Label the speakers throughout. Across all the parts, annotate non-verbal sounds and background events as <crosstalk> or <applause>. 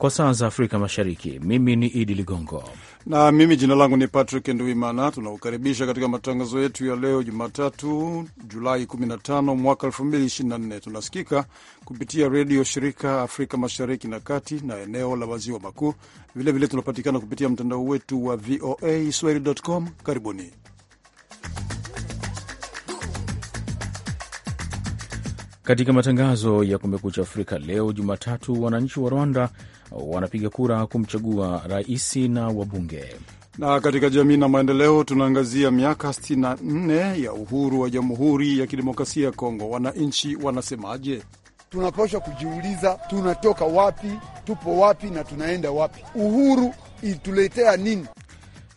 Speaker 1: kwa saa za Afrika Mashariki. Mimi ni Idi Ligongo
Speaker 2: na mimi jina langu ni Patrick Nduimana. Tunakukaribisha katika matangazo yetu ya leo Jumatatu, Julai 15 mwaka 2024. Tunasikika kupitia redio shirika Afrika Mashariki na Kati na eneo la Maziwa Makuu. Vilevile tunapatikana kupitia mtandao wetu wa VOA Swahili.com. Karibuni.
Speaker 1: Katika matangazo ya Kumekucha Afrika leo Jumatatu, wananchi wa Rwanda wanapiga kura kumchagua rais na wabunge.
Speaker 2: Na katika jamii na maendeleo tunaangazia miaka 64 ya uhuru wa Jamhuri ya Kidemokrasia ya Kongo. Wananchi wanasemaje?
Speaker 3: Tunapaswa kujiuliza tunatoka wapi, tupo wapi na tunaenda wapi? Uhuru ilituletea nini?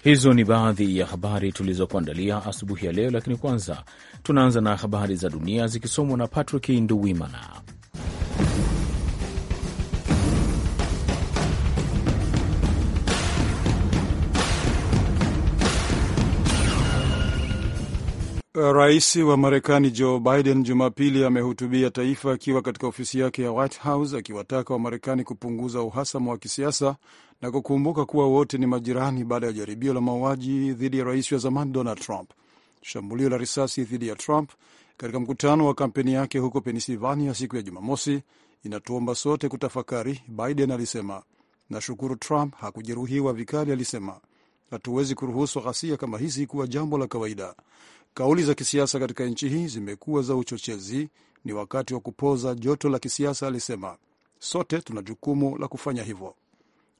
Speaker 1: Hizo ni baadhi ya habari tulizokuandalia asubuhi ya leo, lakini kwanza Tunaanza na habari za dunia zikisomwa na Patrick Nduwimana.
Speaker 2: Rais wa Marekani Joe Biden Jumapili amehutubia taifa akiwa katika ofisi yake ya White House akiwataka Wamarekani kupunguza uhasama wa kisiasa na kukumbuka kuwa wote ni majirani baada ya jaribio la mauaji dhidi ya rais wa zamani Donald Trump shambulio la risasi dhidi ya Trump katika mkutano wa kampeni yake huko Pennsylvania siku ya Jumamosi inatuomba sote kutafakari, Biden alisema. Nashukuru Trump hakujeruhiwa vikali, alisema. Hatuwezi kuruhusu ghasia kama hizi kuwa jambo la kawaida. Kauli za kisiasa katika nchi hii zimekuwa za uchochezi. Ni wakati wa kupoza joto la kisiasa, alisema. Sote tuna jukumu la kufanya hivyo.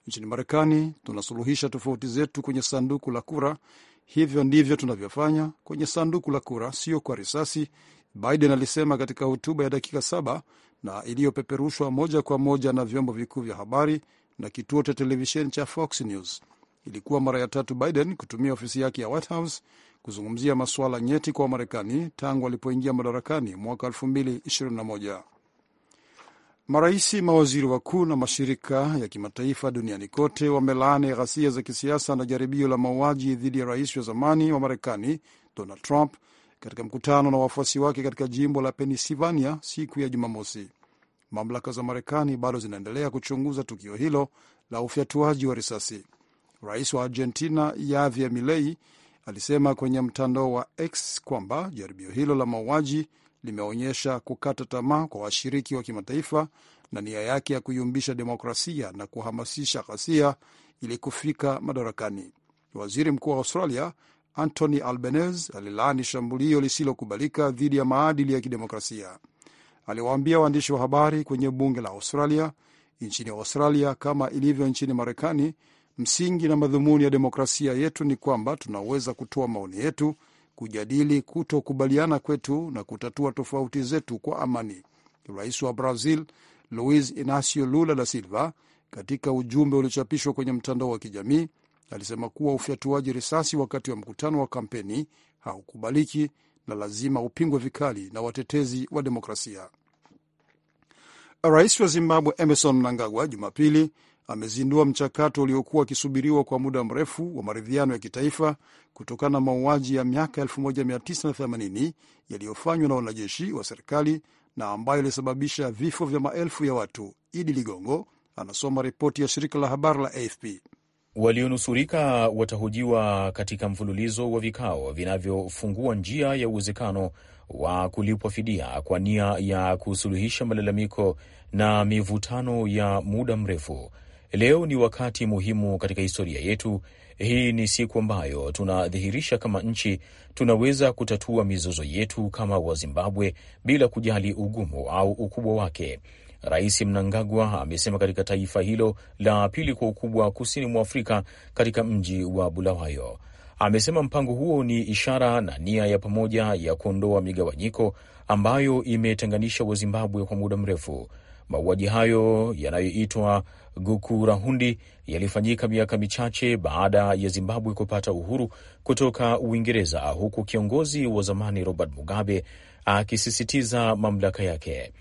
Speaker 2: Nchini Marekani tunasuluhisha tofauti zetu kwenye sanduku la kura Hivyo ndivyo tunavyofanya kwenye sanduku la kura, sio kwa risasi, Biden alisema katika hotuba ya dakika saba na iliyopeperushwa moja kwa moja na vyombo vikuu vya habari na kituo cha televisheni cha Fox News. Ilikuwa mara ya tatu Biden kutumia ofisi yake ya White House kuzungumzia masuala nyeti kwa Wamarekani tangu alipoingia madarakani mwaka 2021. Marais, mawaziri wakuu na mashirika ya kimataifa duniani kote wamelaani ghasia za kisiasa na jaribio la mauaji dhidi ya rais wa zamani wa Marekani Donald Trump katika mkutano na wafuasi wake katika jimbo la Pennsylvania siku ya Jumamosi. Mamlaka za Marekani bado zinaendelea kuchunguza tukio hilo la ufyatuaji wa risasi. Rais wa Argentina Javier Milei alisema kwenye mtandao wa X kwamba jaribio hilo la mauaji limeonyesha kukata tamaa kwa washiriki wa kimataifa na nia yake ya kuyumbisha demokrasia na kuhamasisha ghasia ili kufika madarakani. Waziri Mkuu wa Australia Anthony Albanese alilaani shambulio lisilokubalika dhidi ya maadili ya kidemokrasia. Aliwaambia waandishi wa habari kwenye bunge la Australia, nchini Australia kama ilivyo nchini Marekani, msingi na madhumuni ya demokrasia yetu ni kwamba tunaweza kutoa maoni yetu kujadili kutokubaliana kwetu na kutatua tofauti zetu kwa amani. Rais wa Brazil Luiz Inacio Lula da Silva, katika ujumbe uliochapishwa kwenye mtandao wa kijamii, alisema kuwa ufyatuaji risasi wakati wa mkutano wa kampeni haukubaliki na lazima upingwe vikali na watetezi wa demokrasia. Rais wa Zimbabwe Emerson Mnangagwa Jumapili amezindua mchakato uliokuwa akisubiriwa kwa muda mrefu wa maridhiano ya kitaifa kutokana na mauaji ya miaka 1980 yaliyofanywa na wanajeshi wa serikali na ambayo ilisababisha vifo vya maelfu ya watu. Idi Ligongo anasoma ripoti ya shirika la habari la AFP.
Speaker 1: Walionusurika watahojiwa katika mfululizo wa vikao vinavyofungua njia ya uwezekano wa kulipwa fidia kwa nia ya kusuluhisha malalamiko na mivutano ya muda mrefu. Leo ni wakati muhimu katika historia yetu. Hii ni siku ambayo tunadhihirisha kama nchi tunaweza kutatua mizozo yetu kama Wazimbabwe bila kujali ugumu au ukubwa wake. Rais Mnangagwa amesema katika taifa hilo la pili kwa ukubwa kusini mwa Afrika, katika mji wa Bulawayo, amesema mpango huo ni ishara na nia ya pamoja ya kuondoa migawanyiko ambayo imetenganisha Wazimbabwe kwa muda mrefu. Mauaji hayo yanayoitwa Gukurahundi yalifanyika miaka michache baada ya Zimbabwe kupata uhuru kutoka Uingereza, huku kiongozi wa zamani Robert Mugabe akisisitiza mamlaka yake.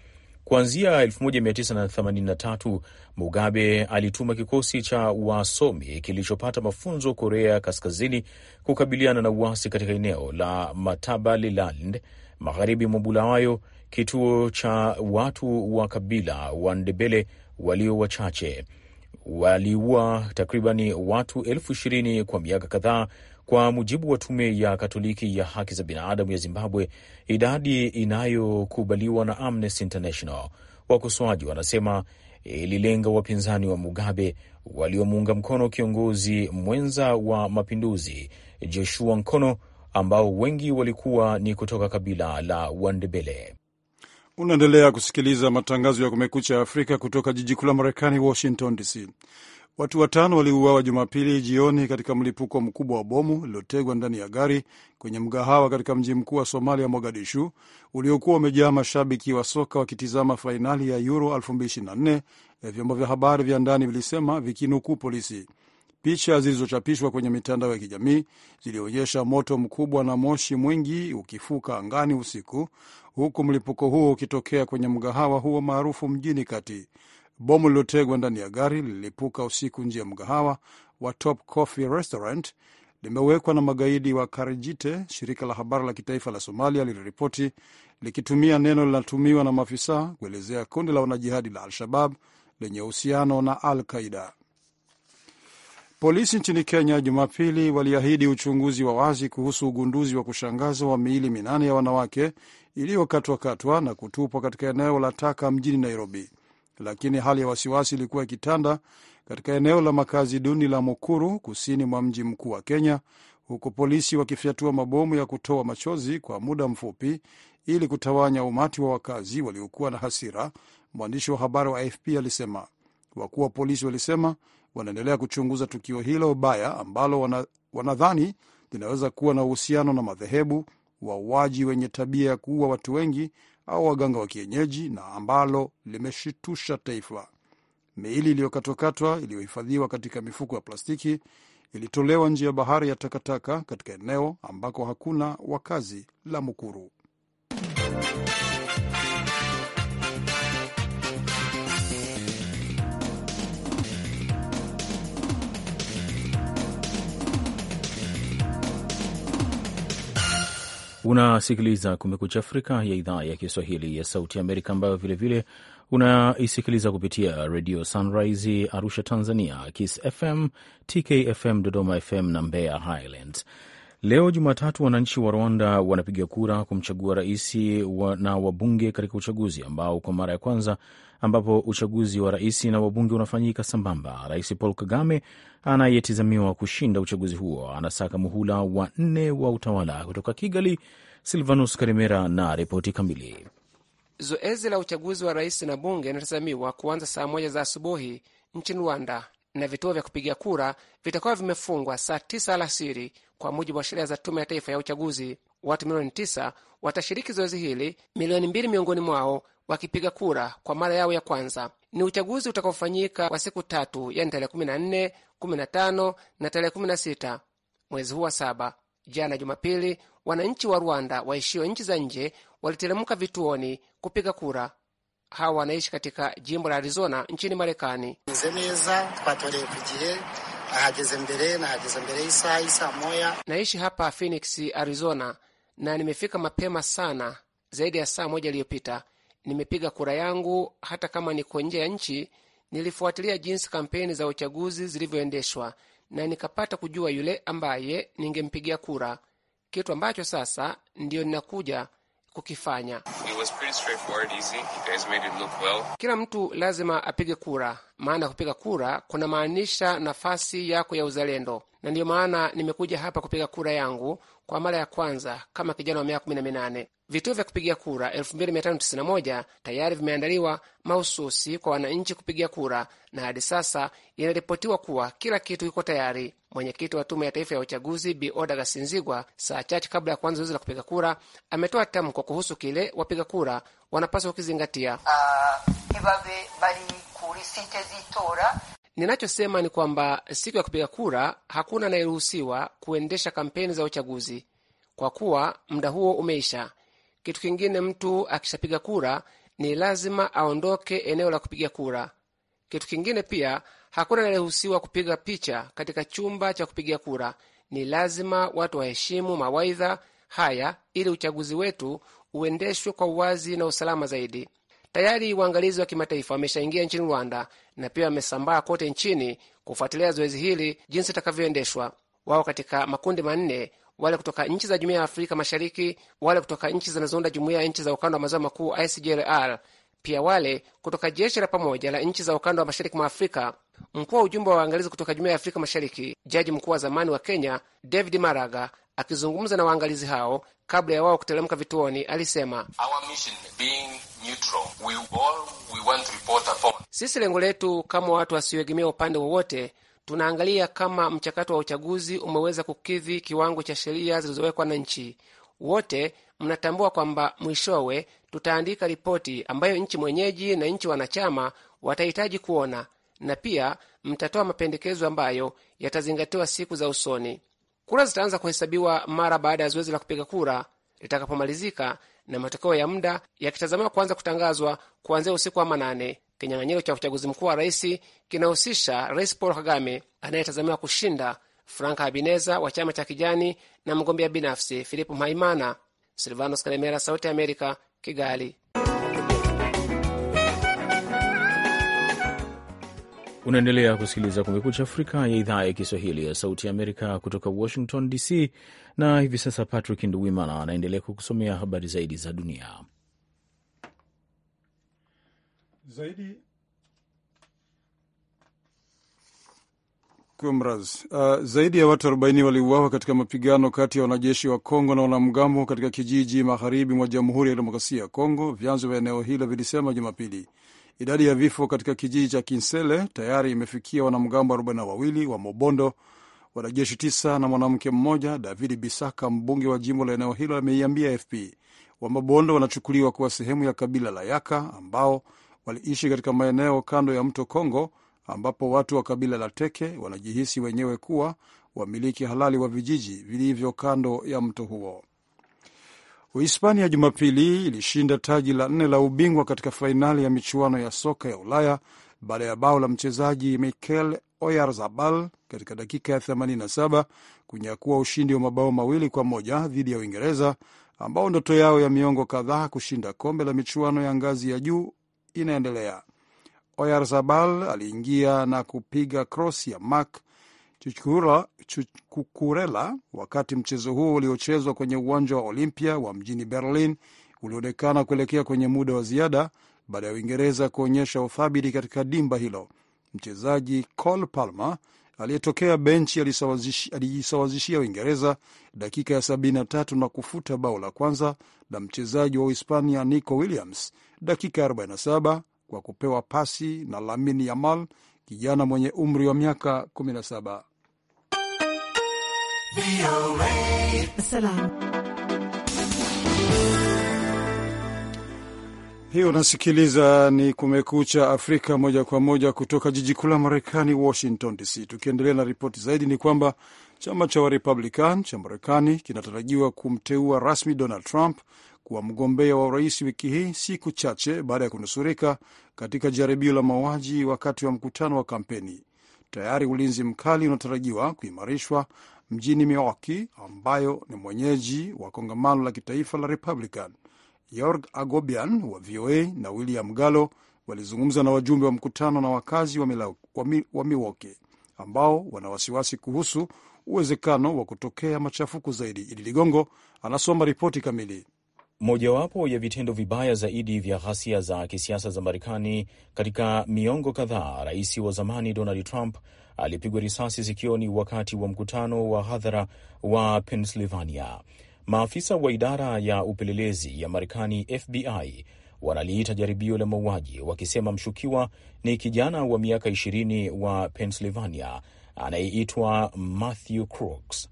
Speaker 1: Kuanzia 1983 Mugabe alituma kikosi cha wasomi kilichopata mafunzo Korea Kaskazini kukabiliana na uasi katika eneo la Matabeleland magharibi mwa Bulawayo kituo cha watu wa kabila wa Ndebele walio wachache. Waliua takribani watu elfu ishirini kwa miaka kadhaa, kwa mujibu wa Tume ya Katoliki ya Haki za Binadamu ya Zimbabwe, idadi inayokubaliwa na Amnesty International. Wakosoaji wanasema ililenga wapinzani wa Mugabe waliomuunga mkono kiongozi mwenza wa mapinduzi Joshua Nkono, ambao wengi walikuwa ni kutoka kabila la Wandebele.
Speaker 2: Unaendelea kusikiliza matangazo ya Kumekucha Afrika kutoka jiji kuu la Marekani, Washington DC. Watu watano waliuawa Jumapili jioni katika mlipuko mkubwa wa bomu lililotegwa ndani ya gari kwenye mgahawa katika mji mkuu wa Somalia, Mogadishu, uliokuwa umejaa mashabiki wa soka wakitizama fainali ya Euro 2024 eh, vyombo vya habari vya ndani vilisema vikinukuu polisi. Picha zilizochapishwa kwenye mitandao ya kijamii zilionyesha moto mkubwa na moshi mwingi ukifuka angani usiku, huku mlipuko huo ukitokea kwenye mgahawa huo maarufu mjini kati. Bomu lililotegwa ndani ya gari lililipuka usiku nje ya mgahawa wa Top Coffee Restaurant limewekwa na magaidi wa Karijite, shirika la habari la kitaifa la Somalia liliripoti likitumia neno linatumiwa na maafisa kuelezea kundi la wanajihadi la Al-Shabab lenye uhusiano na Al Qaida. Polisi nchini Kenya Jumapili waliahidi uchunguzi wa wazi kuhusu ugunduzi wa kushangaza wa miili minane ya wanawake iliyokatwakatwa na kutupwa katika eneo la taka mjini Nairobi, lakini hali ya wasiwasi ilikuwa ikitanda katika eneo la makazi duni la Mukuru, kusini mwa mji mkuu wa Kenya, huku polisi wakifyatua mabomu ya kutoa machozi kwa muda mfupi ili kutawanya umati wa wakazi waliokuwa na hasira. Mwandishi wa habari wa AFP alisema wakuu wa polisi walisema wanaendelea kuchunguza tukio hilo baya ambalo wana, wanadhani linaweza kuwa na uhusiano na madhehebu, wauaji wenye tabia ya kuua watu wengi au waganga wa kienyeji na ambalo limeshitusha taifa. Miili iliyokatwakatwa iliyohifadhiwa katika mifuko ya plastiki ilitolewa nje ya bahari ya takataka katika eneo ambako hakuna wakazi la Mukuru.
Speaker 1: Unasikiliza Kumekucha Afrika ya idhaa ya Kiswahili ya Sauti Amerika, ambayo vilevile unaisikiliza kupitia Redio Sunrise Arusha Tanzania, Kiss FM, FM Dodoma FM na Mbeya Highlands. Leo Jumatatu, wananchi wa Rwanda wanapiga kura kumchagua rais wa na wabunge katika uchaguzi ambao kwa mara ya kwanza ambapo uchaguzi wa rais na wabunge unafanyika sambamba. Rais Paul Kagame anayetizamiwa kushinda uchaguzi huo anasaka muhula wa nne wa utawala. Kutoka Kigali, Silvanus Karimera na ripoti kamili.
Speaker 4: Zoezi la uchaguzi wa rais na bunge linatazamiwa kuanza saa moja za asubuhi nchini Rwanda, na vituo vya kupiga kura vitakuwa vimefungwa saa tisa alasiri kwa mujibu wa sheria za Tume ya Taifa ya Uchaguzi. Watu milioni tisa watashiriki zoezi hili, milioni mbili miongoni mwao wakipiga kura kwa mara yao ya kwanza. Ni uchaguzi utakaofanyika kwa siku tatu, yani tarehe 14, 15 na tarehe 16 mwezi huu wa saba. Jana Jumapili, wananchi wa Rwanda waishio nchi za nje waliteremka vituoni kupiga kura. Hawa wanaishi katika jimbo la Arizona nchini Marekani. Naishi hapa Phoenix, Arizona, na nimefika mapema sana, zaidi ya saa moja iliyopita nimepiga kura yangu hata kama niko nje ya nchi. Nilifuatilia jinsi kampeni za uchaguzi zilivyoendeshwa na nikapata kujua yule ambaye ningempigia kura, kitu ambacho sasa ndiyo ninakuja kukifanya. Well. Kila mtu lazima apige kura, maana kupiga kura kuna maanisha nafasi yako ya uzalendo, na ndiyo maana nimekuja hapa kupiga kura yangu kwa mara ya kwanza kama kijana wa miaka kumi na minane. Vituo vya kupigia kura 2591 tayari vimeandaliwa mahususi kwa wananchi kupigia kura, na hadi sasa inaripotiwa kuwa kila kitu kiko tayari. Mwenyekiti wa Tume ya Taifa ya Uchaguzi Bi Oda Gasinzigwa, saa chache kabla ya kuanza zoezi la kupiga kura, ametoa tamko kuhusu kile wapiga kura wanapaswa kukizingatia. Uh, ninachosema ni kwamba siku ya kupiga kura hakuna anayeruhusiwa kuendesha kampeni za uchaguzi kwa kuwa muda huo umeisha. Kitu kingine, mtu akishapiga kura ni lazima aondoke eneo la kupiga kura. Kitu kingine pia, hakuna anayeruhusiwa kupiga picha katika chumba cha kupiga kura. Ni lazima watu waheshimu mawaidha haya ili uchaguzi wetu uendeshwe kwa uwazi na usalama zaidi. Tayari waangalizi wa kimataifa wameshaingia nchini Rwanda na pia wamesambaa kote nchini kufuatilia zoezi hili jinsi litakavyoendeshwa. Wao katika makundi manne wale kutoka nchi za jumuiya ya Afrika Mashariki, wale kutoka nchi zinazounda jumuiya ya nchi za ukanda wa maziwa makuu ICGLR, pia wale kutoka jeshi la pamoja la nchi za ukanda wa mashariki mwa Afrika. Mkuu wa ujumbe wa waangalizi kutoka jumuiya ya Afrika Mashariki, jaji mkuu wa zamani wa Kenya David Maraga, akizungumza na waangalizi hao kabla ya wao kuteremka vituoni, alisema sisi lengo letu kama watu wasioegemea upande wowote tunaangalia kama mchakato wa uchaguzi umeweza kukidhi kiwango cha sheria zilizowekwa na nchi. Wote mnatambua kwamba mwishowe tutaandika ripoti ambayo nchi mwenyeji na nchi wanachama watahitaji kuona, na pia mtatoa mapendekezo ambayo yatazingatiwa siku za usoni. Kura zitaanza kuhesabiwa mara baada ya zoezi la kupiga kura litakapomalizika, na matokeo ya muda yakitazamiwa kuanza kutangazwa kuanzia usiku wa manane. Kinyang'anyiro cha uchaguzi mkuu wa rais kinahusisha Rais Paul Kagame anayetazamiwa kushinda, Frank Habineza wa chama cha kijani na mgombea binafsi Filipo Mhaimana. Silvanos Kalemera, Sauti ya Amerika, Kigali.
Speaker 1: Unaendelea kusikiliza Kumekucha Afrika ya idhaa ya Kiswahili ya Sauti ya Amerika kutoka Washington DC, na hivi sasa Patrick Nduwimana anaendelea kukusomea habari
Speaker 2: zaidi za dunia zaidi Kumraz. Uh, zaidi ya watu 40 waliuawa katika mapigano kati ya wanajeshi wa Kongo na wanamgambo katika kijiji magharibi mwa Jamhuri ya Demokrasia ya Kongo, vyanzo vya eneo hilo vilisema Jumapili. Idadi ya vifo katika kijiji cha Kinsele tayari imefikia wanamgambo 42 wa Mobondo, wanajeshi tisa na mwanamke mmoja. David Bisaka, mbunge wa jimbo la eneo hilo, ameiambia FP. wa Mobondo wanachukuliwa kuwa sehemu ya kabila la Yaka ambao waliishi katika maeneo kando ya mto Kongo ambapo watu wa kabila la Teke wanajihisi wenyewe kuwa wamiliki halali wa vijiji vilivyo kando ya mto huo. Uhispania Jumapili ilishinda taji la nne la ubingwa katika fainali ya michuano ya soka ya Ulaya baada ya bao la mchezaji Mikel Oyarzabal katika dakika ya 87 kunyakua ushindi wa mabao mawili kwa moja dhidi ya Uingereza ambao ndoto yao ya miongo kadhaa kushinda kombe la michuano ya ngazi ya juu inaendelea. Oyarzabal aliingia na kupiga krosi ya Marc Cucurella wakati mchezo huo uliochezwa kwenye uwanja wa Olimpia wa mjini Berlin ulionekana kuelekea kwenye muda wa ziada baada ya Uingereza kuonyesha uthabiti katika dimba hilo. Mchezaji Cole Palmer aliyetokea benchi alijisawazishia Uingereza dakika ya 73 na kufuta bao la kwanza la mchezaji wa Uhispania Nico Williams dakika ya 47 kwa kupewa pasi na Lamine Yamal, kijana mwenye umri wa miaka 17. Salam. Hiyo unasikiliza ni Kumekucha Afrika moja kwa moja kutoka jiji kuu la Marekani, Washington DC. Tukiendelea na ripoti zaidi, ni kwamba chama cha Warepublican cha Marekani kinatarajiwa kumteua rasmi Donald Trump kuwa mgombea wa urais wiki hii, siku chache baada ya kunusurika katika jaribio la mauaji wakati wa mkutano wa kampeni. Tayari ulinzi mkali unatarajiwa kuimarishwa mjini Milwaukee, ambayo ni mwenyeji wa kongamano la kitaifa la Republican. Yorg Agobian wa VOA na William Gallo walizungumza na wajumbe wa mkutano na wakazi wa miwoke ambao wana wasiwasi kuhusu uwezekano wa kutokea machafuko zaidi. Idi Ligongo anasoma ripoti kamili.
Speaker 1: Mojawapo ya vitendo vibaya zaidi vya ghasia za kisiasa za Marekani katika miongo kadhaa, rais wa zamani Donald Trump alipigwa risasi sikioni wakati wa mkutano wa hadhara wa Pennsylvania. Maafisa wa idara ya upelelezi ya Marekani, FBI, wanaliita jaribio la mauaji, wakisema mshukiwa ni kijana wa miaka ishirini wa Pennsylvania anayeitwa Matthew
Speaker 5: Crooks.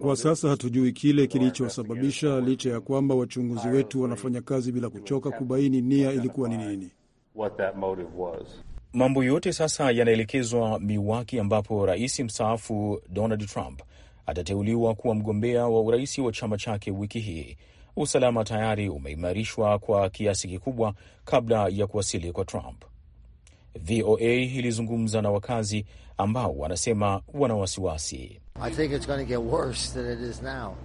Speaker 2: Kwa sasa hatujui kile kilichosababisha, licha ya kwamba wachunguzi wetu wanafanya kazi bila kuchoka kubaini nia ilikuwa ni
Speaker 1: nini. Mambo yote sasa yanaelekezwa Milwaukee, ambapo rais mstaafu Donald Trump atateuliwa kuwa mgombea wa urais wa chama chake wiki hii. Usalama tayari umeimarishwa kwa kiasi kikubwa kabla ya kuwasili kwa Trump. VOA ilizungumza na wakazi ambao wanasema wana wasiwasi.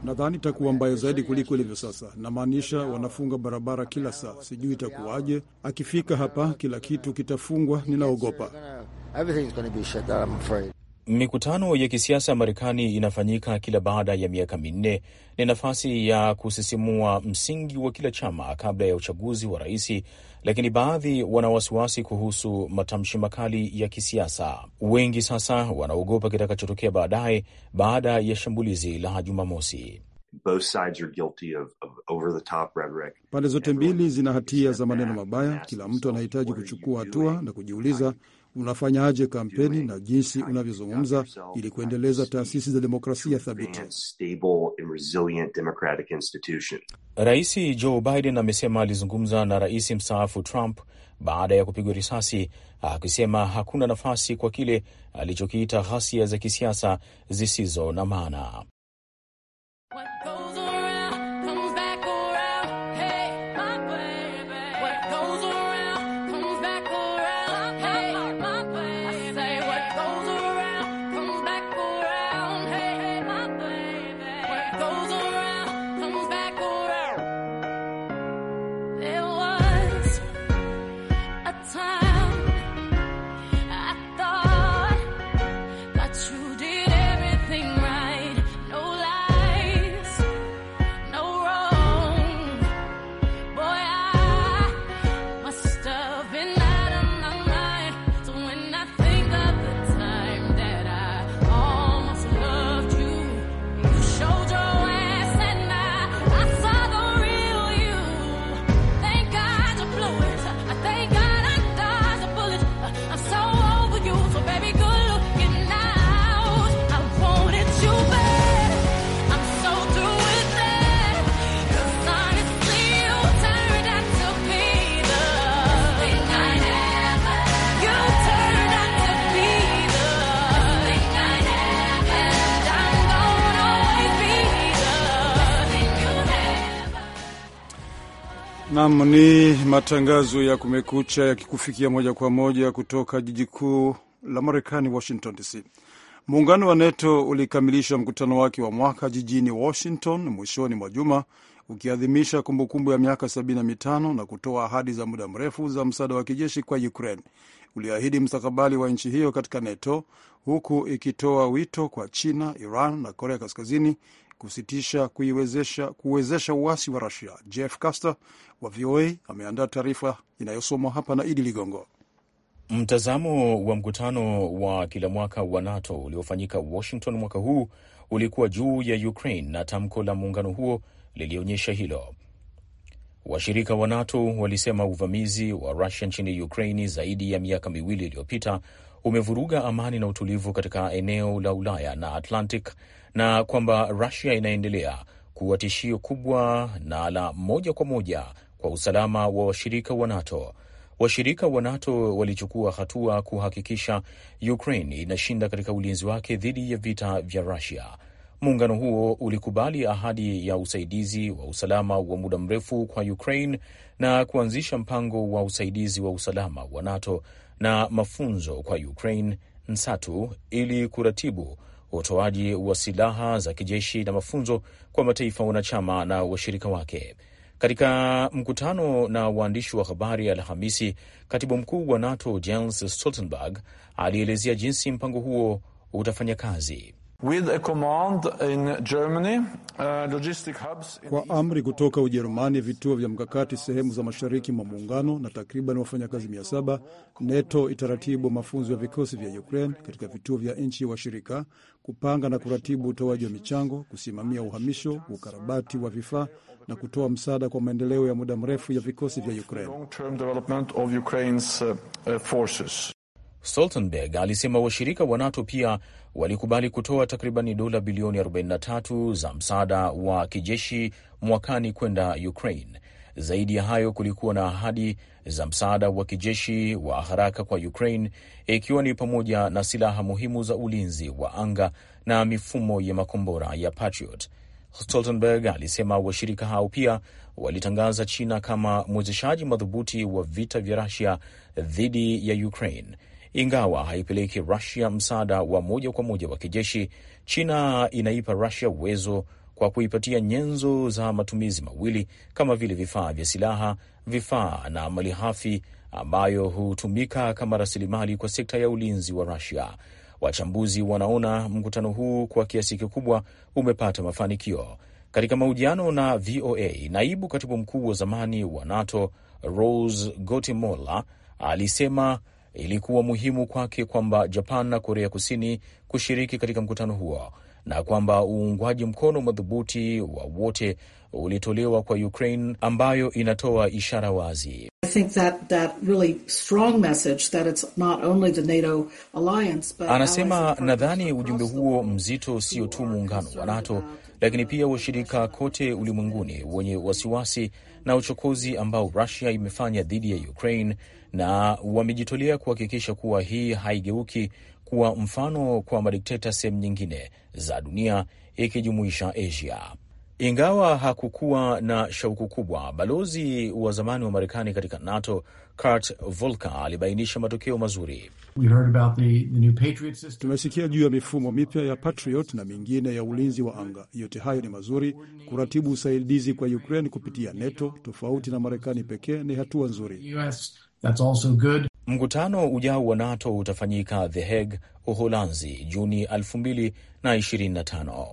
Speaker 2: Nadhani itakuwa mbaya zaidi kuliko ilivyo sasa, namaanisha wanafunga barabara kila saa, sijui itakuwaje. Akifika hapa, kila kitu kitafungwa, ninaogopa.
Speaker 1: Mikutano ya kisiasa Marekani inafanyika kila baada ya miaka minne. Ni nafasi ya kusisimua msingi wa kila chama kabla ya uchaguzi wa rais, lakini baadhi wana wasiwasi kuhusu matamshi makali ya kisiasa. Wengi sasa wanaogopa kitakachotokea baadaye baada ya shambulizi la Jumamosi.
Speaker 5: Both sides are guilty of, of over the top rhetoric.
Speaker 2: Pande zote mbili zina hatia za maneno mabaya. Kila mtu anahitaji kuchukua hatua na kujiuliza unafanyaje kampeni na jinsi unavyozungumza ili kuendeleza taasisi za demokrasia thabiti.
Speaker 1: Rais Joe Biden amesema alizungumza na rais mstaafu Trump baada ya kupigwa risasi, akisema hakuna nafasi kwa kile alichokiita ghasia za kisiasa zisizo na maana.
Speaker 2: Naam, ni matangazo ya Kumekucha yakikufikia moja kwa moja kutoka jiji kuu la Marekani, Washington DC. Muungano wa NATO ulikamilisha mkutano wake wa mwaka jijini Washington mwishoni mwa juma ukiadhimisha kumbukumbu ya miaka 75 na kutoa ahadi za muda mrefu za msaada wa kijeshi kwa Ukraine. Uliahidi mstakabali wa nchi hiyo katika NATO, huku ikitoa wito kwa China, Iran na Korea Kaskazini kusitisha kuiwezesha kuwezesha uasi wa Russia. Jeff Caster wa VOA ameandaa taarifa inayosomwa hapa na Idi Ligongo.
Speaker 1: Mtazamo wa mkutano wa kila mwaka wa NATO uliofanyika Washington mwaka huu ulikuwa juu ya Ukraine na tamko la muungano huo lilionyesha hilo. Washirika wa NATO walisema uvamizi wa Rusia nchini Ukraini zaidi ya miaka miwili iliyopita umevuruga amani na utulivu katika eneo la Ulaya na Atlantic na kwamba Rusia inaendelea kuwa tishio kubwa na la moja kwa moja kwa usalama wa washirika wa NATO. Washirika wa NATO walichukua hatua kuhakikisha Ukraine inashinda katika ulinzi wake dhidi ya vita vya Rusia. Muungano huo ulikubali ahadi ya usaidizi wa usalama wa muda mrefu kwa Ukraine na kuanzisha mpango wa usaidizi wa usalama wa NATO na mafunzo kwa Ukraine nsatu ili kuratibu utoaji wa silaha za kijeshi na mafunzo kwa mataifa wanachama na washirika wake. Katika mkutano na waandishi wa habari Alhamisi, katibu mkuu wa NATO Jens Stoltenberg alielezea jinsi mpango huo utafanya kazi.
Speaker 3: With a command in Germany, uh,
Speaker 2: logistic hubs in... kwa amri kutoka Ujerumani, vituo vya mkakati sehemu za mashariki mwa muungano na takriban wafanyakazi mia saba, NATO itaratibu mafunzo ya vikosi vya Ukraine katika vituo vya nchi washirika kupanga na kuratibu utoaji wa michango, kusimamia uhamisho, ukarabati wa vifaa na kutoa msaada kwa maendeleo ya muda mrefu ya vikosi vya Ukraine.
Speaker 1: Uh, uh, Stoltenberg alisema washirika wa NATO pia walikubali kutoa takribani dola bilioni 43 za msaada wa kijeshi mwakani kwenda Ukraine. Zaidi ya hayo, kulikuwa na ahadi za msaada wa kijeshi wa haraka kwa Ukraine, ikiwa ni pamoja na silaha muhimu za ulinzi wa anga na mifumo ya makombora ya Patriot. Stoltenberg alisema washirika hao pia walitangaza China kama mwezeshaji madhubuti wa vita vya Rusia dhidi ya Ukraine. Ingawa haipeleki Rusia msaada wa moja kwa moja wa kijeshi, China inaipa Rusia uwezo kwa kuipatia nyenzo za matumizi mawili kama vile vifaa vya silaha, vifaa na mali hafi ambayo hutumika kama rasilimali kwa sekta ya ulinzi wa Rusia. Wachambuzi wanaona mkutano huu kwa kiasi kikubwa umepata mafanikio. Katika mahojiano na VOA, naibu katibu mkuu wa zamani wa NATO Rose Gottemoeller alisema ilikuwa muhimu kwake kwamba Japan na Korea Kusini kushiriki katika mkutano huo na kwamba uungwaji mkono madhubuti wa wote ulitolewa kwa Ukraine ambayo inatoa ishara wazi. Anasema, nadhani ujumbe huo mzito sio tu muungano wa NATO lakini pia washirika kote ulimwenguni wenye wasiwasi na uchokozi ambao Rusia imefanya dhidi ya Ukraine na wamejitolea kuhakikisha kuwa hii haigeuki kuwa mfano kwa madikteta sehemu nyingine za dunia ikijumuisha Asia. Ingawa hakukuwa na shauku kubwa, balozi wa zamani wa Marekani katika NATO Kurt Volker alibainisha matokeo mazuri.
Speaker 2: Tumesikia juu ya mifumo mipya ya Patriot na mingine ya ulinzi wa anga. Yote hayo ni mazuri. Kuratibu usaidizi kwa Ukraine kupitia NATO tofauti na Marekani pekee ni hatua nzuri.
Speaker 1: that's also good. Mkutano ujao wa NATO utafanyika The Hague, Uholanzi, Juni 2025.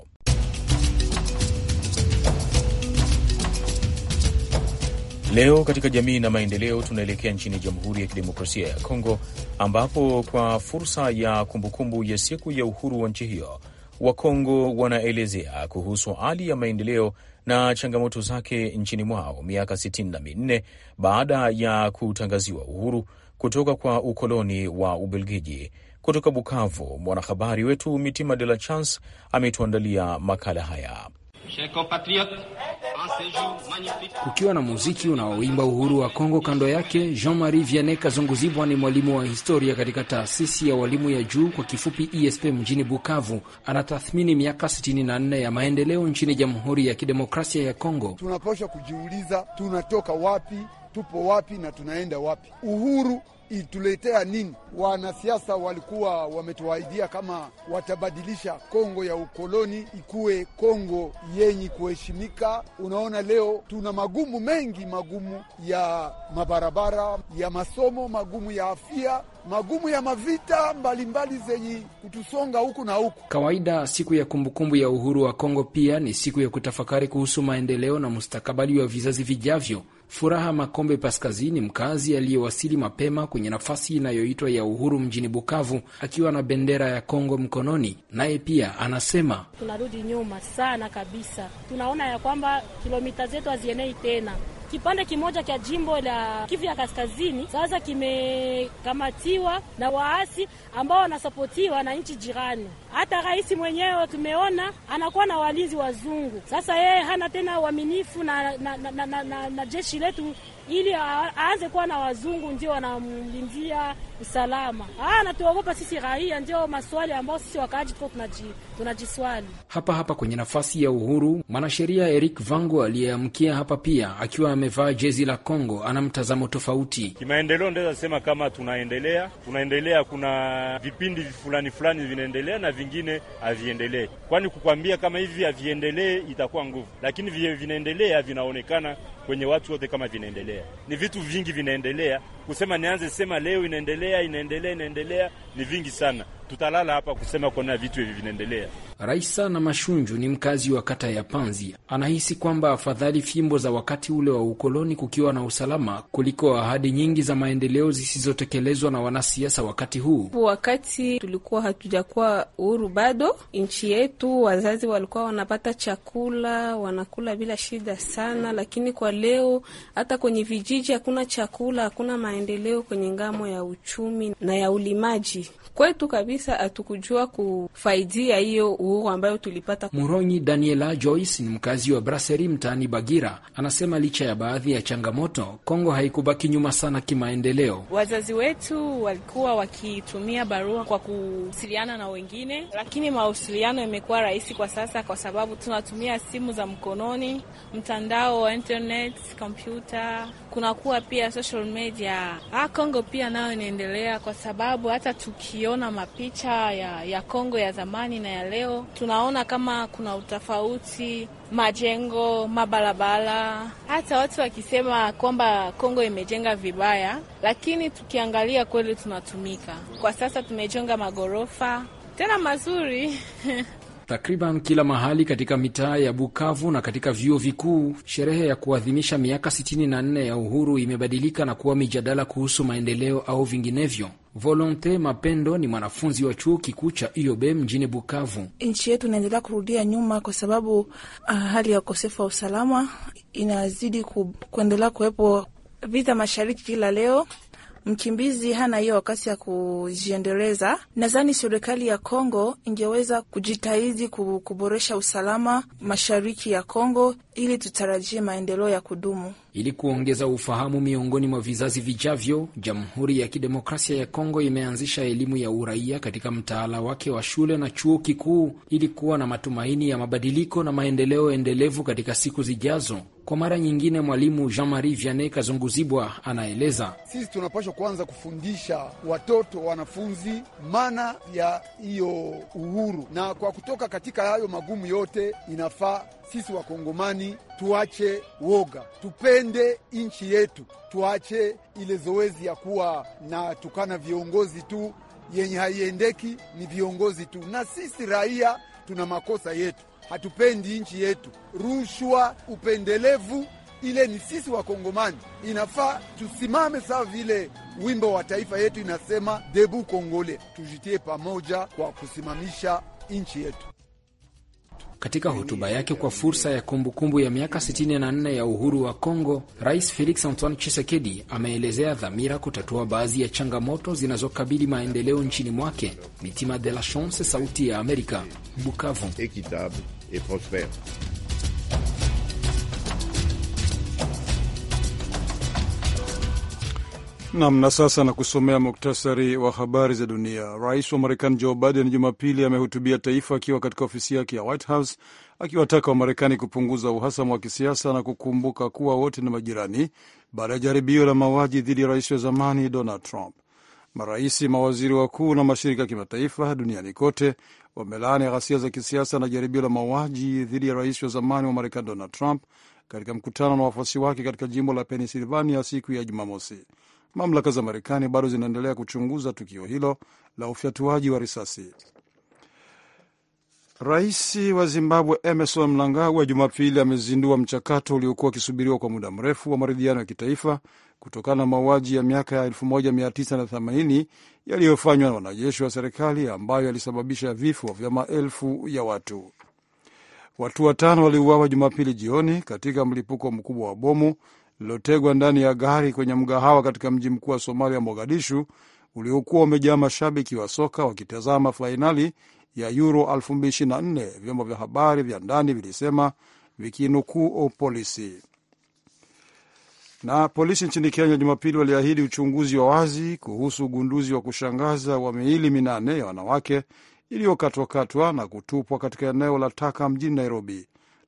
Speaker 1: Leo katika jamii na maendeleo, tunaelekea nchini Jamhuri ya Kidemokrasia ya Kongo, ambapo kwa fursa ya kumbukumbu ya siku ya uhuru wa nchi hiyo, Wakongo wanaelezea kuhusu hali ya maendeleo na changamoto zake nchini mwao miaka 64 baada ya kutangaziwa uhuru kutoka kwa ukoloni wa Ubelgiji. Kutoka Bukavu, mwanahabari wetu Mitima de la Chance ametuandalia makala haya. Kukiwa na muziki unaoimba uhuru wa Kongo kando yake,
Speaker 6: Jean-Marie Vianney Kazunguzibwa ni mwalimu wa historia katika taasisi ya walimu ya juu kwa kifupi ESP mjini Bukavu. Anatathmini miaka 64 ya maendeleo nchini Jamhuri ya Kidemokrasia ya Kongo.
Speaker 3: Tunaposha kujiuliza tunatoka wapi tupo wapi na tunaenda wapi, uhuru ituletea nini? Wanasiasa walikuwa wametuahidia kama watabadilisha Kongo ya ukoloni ikuwe Kongo yenye kuheshimika. Unaona, leo tuna magumu mengi, magumu ya mabarabara, ya masomo, magumu ya afya, magumu ya mavita mbalimbali zenye kutusonga huku na huku.
Speaker 6: Kawaida siku ya kumbukumbu ya uhuru wa Kongo pia ni siku ya kutafakari kuhusu maendeleo na mustakabali wa vizazi vijavyo. Furaha Makombe Paskazini, mkazi aliyewasili mapema kwenye nafasi inayoitwa ya uhuru mjini Bukavu akiwa na bendera ya Kongo mkononi, naye pia anasema tunarudi nyuma sana kabisa, tunaona ya kwamba kilomita zetu hazienei tena Kipande kimoja cha jimbo la Kivu ya Kaskazini sasa kimekamatiwa na waasi ambao wanasapotiwa na nchi jirani. Hata rais mwenyewe tumeona anakuwa na walinzi wazungu. Sasa yeye hana tena uaminifu na, na, na, na, na, na jeshi letu ili aanze kuwa na wazungu ndio wanamlindia usalama. Anatuogopa ah, sisi raia, ndio maswali ambayo sisi wakaaji tuko tunajiswali hapa hapa. Kwenye nafasi ya uhuru, mwanasheria Eric Vango aliyeamkia hapa pia akiwa amevaa jezi la congo ana mtazamo tofauti kimaendeleo. Ndeza sema kama tunaendelea tunaendelea, kuna vipindi fulani fulani vinaendelea na vingine haviendelee, kwani kukwambia kama hivi haviendelee itakuwa nguvu, lakini vinaendelea vinaonekana kwenye watu wote kama vinaendelea. Ni vitu vingi vinaendelea, kusema nianze sema leo inaendelea, inaendelea, inaendelea, ni vingi sana tutalala hapa kusema kuna vitu hivi vinaendelea. Raisa na Mashunju ni mkazi wa kata ya Panzi, anahisi kwamba afadhali fimbo za wakati ule wa ukoloni kukiwa na usalama kuliko ahadi nyingi za maendeleo zisizotekelezwa na wanasiasa wakati huu.
Speaker 4: Wakati tulikuwa hatujakuwa
Speaker 6: uhuru bado nchi yetu, wazazi walikuwa wanapata chakula, wanakula bila shida sana, lakini kwa leo hata kwenye vijiji hakuna chakula, hakuna maendeleo kwenye ngamo ya uchumi na ya ulimaji kwetu kabisa kabisa hatukujua
Speaker 4: kufaidia hiyo uhuru ambayo tulipata.
Speaker 6: Muronyi Daniela Joyce ni mkazi wa Braseri mtaani Bagira, anasema licha ya baadhi ya changamoto, Kongo haikubaki nyuma sana kimaendeleo. Wazazi wetu walikuwa wakitumia barua kwa kuwasiliana na wengine, lakini mawasiliano yamekuwa rahisi kwa sasa kwa sababu tunatumia simu za mkononi, mtandao wa internet, kompyuta, kunakuwa pia social media. Ah, Kongo pia nayo inaendelea kwa sababu hata tukiona mapi picha ya, ya Kongo ya zamani na ya leo, tunaona kama kuna utofauti majengo, mabarabara. Hata watu wakisema kwamba Kongo imejenga vibaya, lakini tukiangalia kweli tunatumika kwa sasa, tumejenga magorofa tena mazuri <laughs> Takriban kila mahali katika mitaa ya Bukavu na katika vyuo vikuu, sherehe ya kuadhimisha miaka 64 ya uhuru imebadilika na kuwa mijadala kuhusu maendeleo au vinginevyo. Volonte Mapendo ni mwanafunzi wa chuo kikuu cha IOB e mjini Bukavu.
Speaker 4: Nchi yetu inaendelea kurudia nyuma kwa sababu uh, hali ya ukosefu wa usalama inazidi ku, kuendelea kuwepo vita mashariki kila leo. Mkimbizi hana hiyo wakati ya kujiendeleza. Nadhani serikali ya Kongo ingeweza kujitahidi kuboresha usalama mashariki ya Kongo ili tutarajie maendeleo ya kudumu
Speaker 6: ili kuongeza ufahamu miongoni mwa vizazi vijavyo, Jamhuri ya Kidemokrasia ya Kongo imeanzisha elimu ya uraia katika mtaala wake wa shule na chuo kikuu ili kuwa na matumaini ya mabadiliko na maendeleo endelevu katika siku zijazo. Kwa mara nyingine, mwalimu Jean-Marie Vianney Kazunguzibwa anaeleza,
Speaker 3: sisi tunapashwa kwanza kufundisha watoto wanafunzi maana ya hiyo uhuru, na kwa kutoka katika hayo magumu yote inafaa sisi Wakongomani tuache woga, tupende nchi yetu, tuache ile zoezi ya kuwa na tukana viongozi tu yenye haiendeki, ni viongozi tu, na sisi raia tuna makosa yetu, hatupendi nchi yetu. Rushwa, upendelevu, ile ni sisi Wakongomani, inafaa tusimame sawa vile wimbo wa taifa yetu inasema, debu Kongole, tujitie pamoja kwa kusimamisha nchi yetu.
Speaker 6: Katika hotuba yake kwa fursa ya kumbukumbu ya miaka 64 ya uhuru wa Kongo, Rais Felix Antoine Tshisekedi ameelezea dhamira kutatua baadhi ya changamoto zinazokabili maendeleo nchini mwake. Mitima de la Chance, Sauti ya Amerika,
Speaker 3: Bukavu.
Speaker 2: Nam na sasa na kusomea muktasari wa habari za dunia. Rais wa Marekani Joe Biden Jumapili amehutubia taifa akiwa katika ofisi yake ya White House akiwataka Wamarekani kupunguza uhasama wa kisiasa na kukumbuka kuwa wote ni majirani baada ya jaribio la mauaji dhidi ya rais wa zamani Donald Trump. Marais, mawaziri wakuu na mashirika ya kimataifa duniani kote wamelaani ghasia za kisiasa na jaribio la mauaji dhidi ya rais wa zamani wa Marekani Donald Trump katika mkutano na wafuasi wake katika jimbo la Pennsylvania siku ya Jumamosi. Mamlaka za Marekani bado zinaendelea kuchunguza tukio hilo la ufyatuaji wa risasi. Rais wa Zimbabwe Emerson Mnangagwa Jumapili amezindua mchakato uliokuwa ukisubiriwa kwa muda mrefu wa maridhiano ya kitaifa kutokana na mauaji ya miaka ya 1980 yaliyofanywa na wanajeshi wa serikali ambayo yalisababisha vifo vya maelfu ya watu. Watu watano waliuawa Jumapili jioni katika mlipuko mkubwa wa bomu lililotegwa ndani ya gari kwenye mgahawa katika mji mkuu wa Somalia, Mogadishu, uliokuwa umejaa mashabiki wa soka wakitazama fainali ya Euro 2024 vyombo vya habari vya ndani vilisema vikinukuu polisi. Na polisi nchini Kenya Jumapili waliahidi uchunguzi wa wazi kuhusu ugunduzi wa kushangaza wa miili minane ya wanawake iliyokatwakatwa na kutupwa katika eneo la taka mjini Nairobi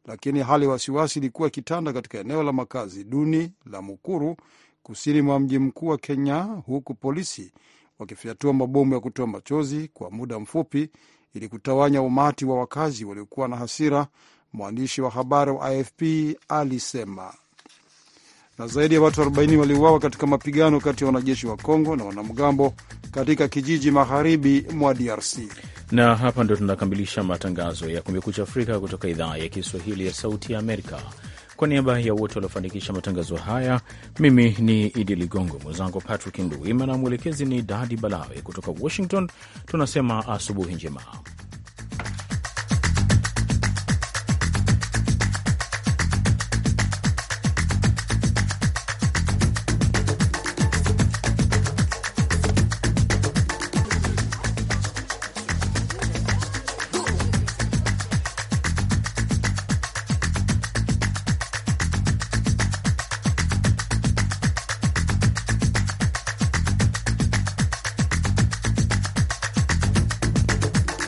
Speaker 2: lakini hali ya wasiwasi ilikuwa ikitanda katika eneo la makazi duni la Mukuru, kusini mwa mji mkuu wa Kenya, huku polisi wakifyatua mabomu ya kutoa machozi kwa muda mfupi ili kutawanya umati wa wakazi waliokuwa na hasira, mwandishi wa habari wa AFP alisema na zaidi ya watu 40 waliuawa katika mapigano kati ya wanajeshi wa Kongo na wanamgambo katika kijiji magharibi mwa DRC.
Speaker 1: Na hapa ndo tunakamilisha matangazo ya Kumekucha Afrika kutoka idhaa ya Kiswahili ya Sauti ya Amerika. Kwa niaba ya wote waliofanikisha matangazo haya, mimi ni Idi Ligongo, mwenzangu Patrick Nduwima na mwelekezi ni Dadi Balawe. Kutoka Washington tunasema asubuhi njema.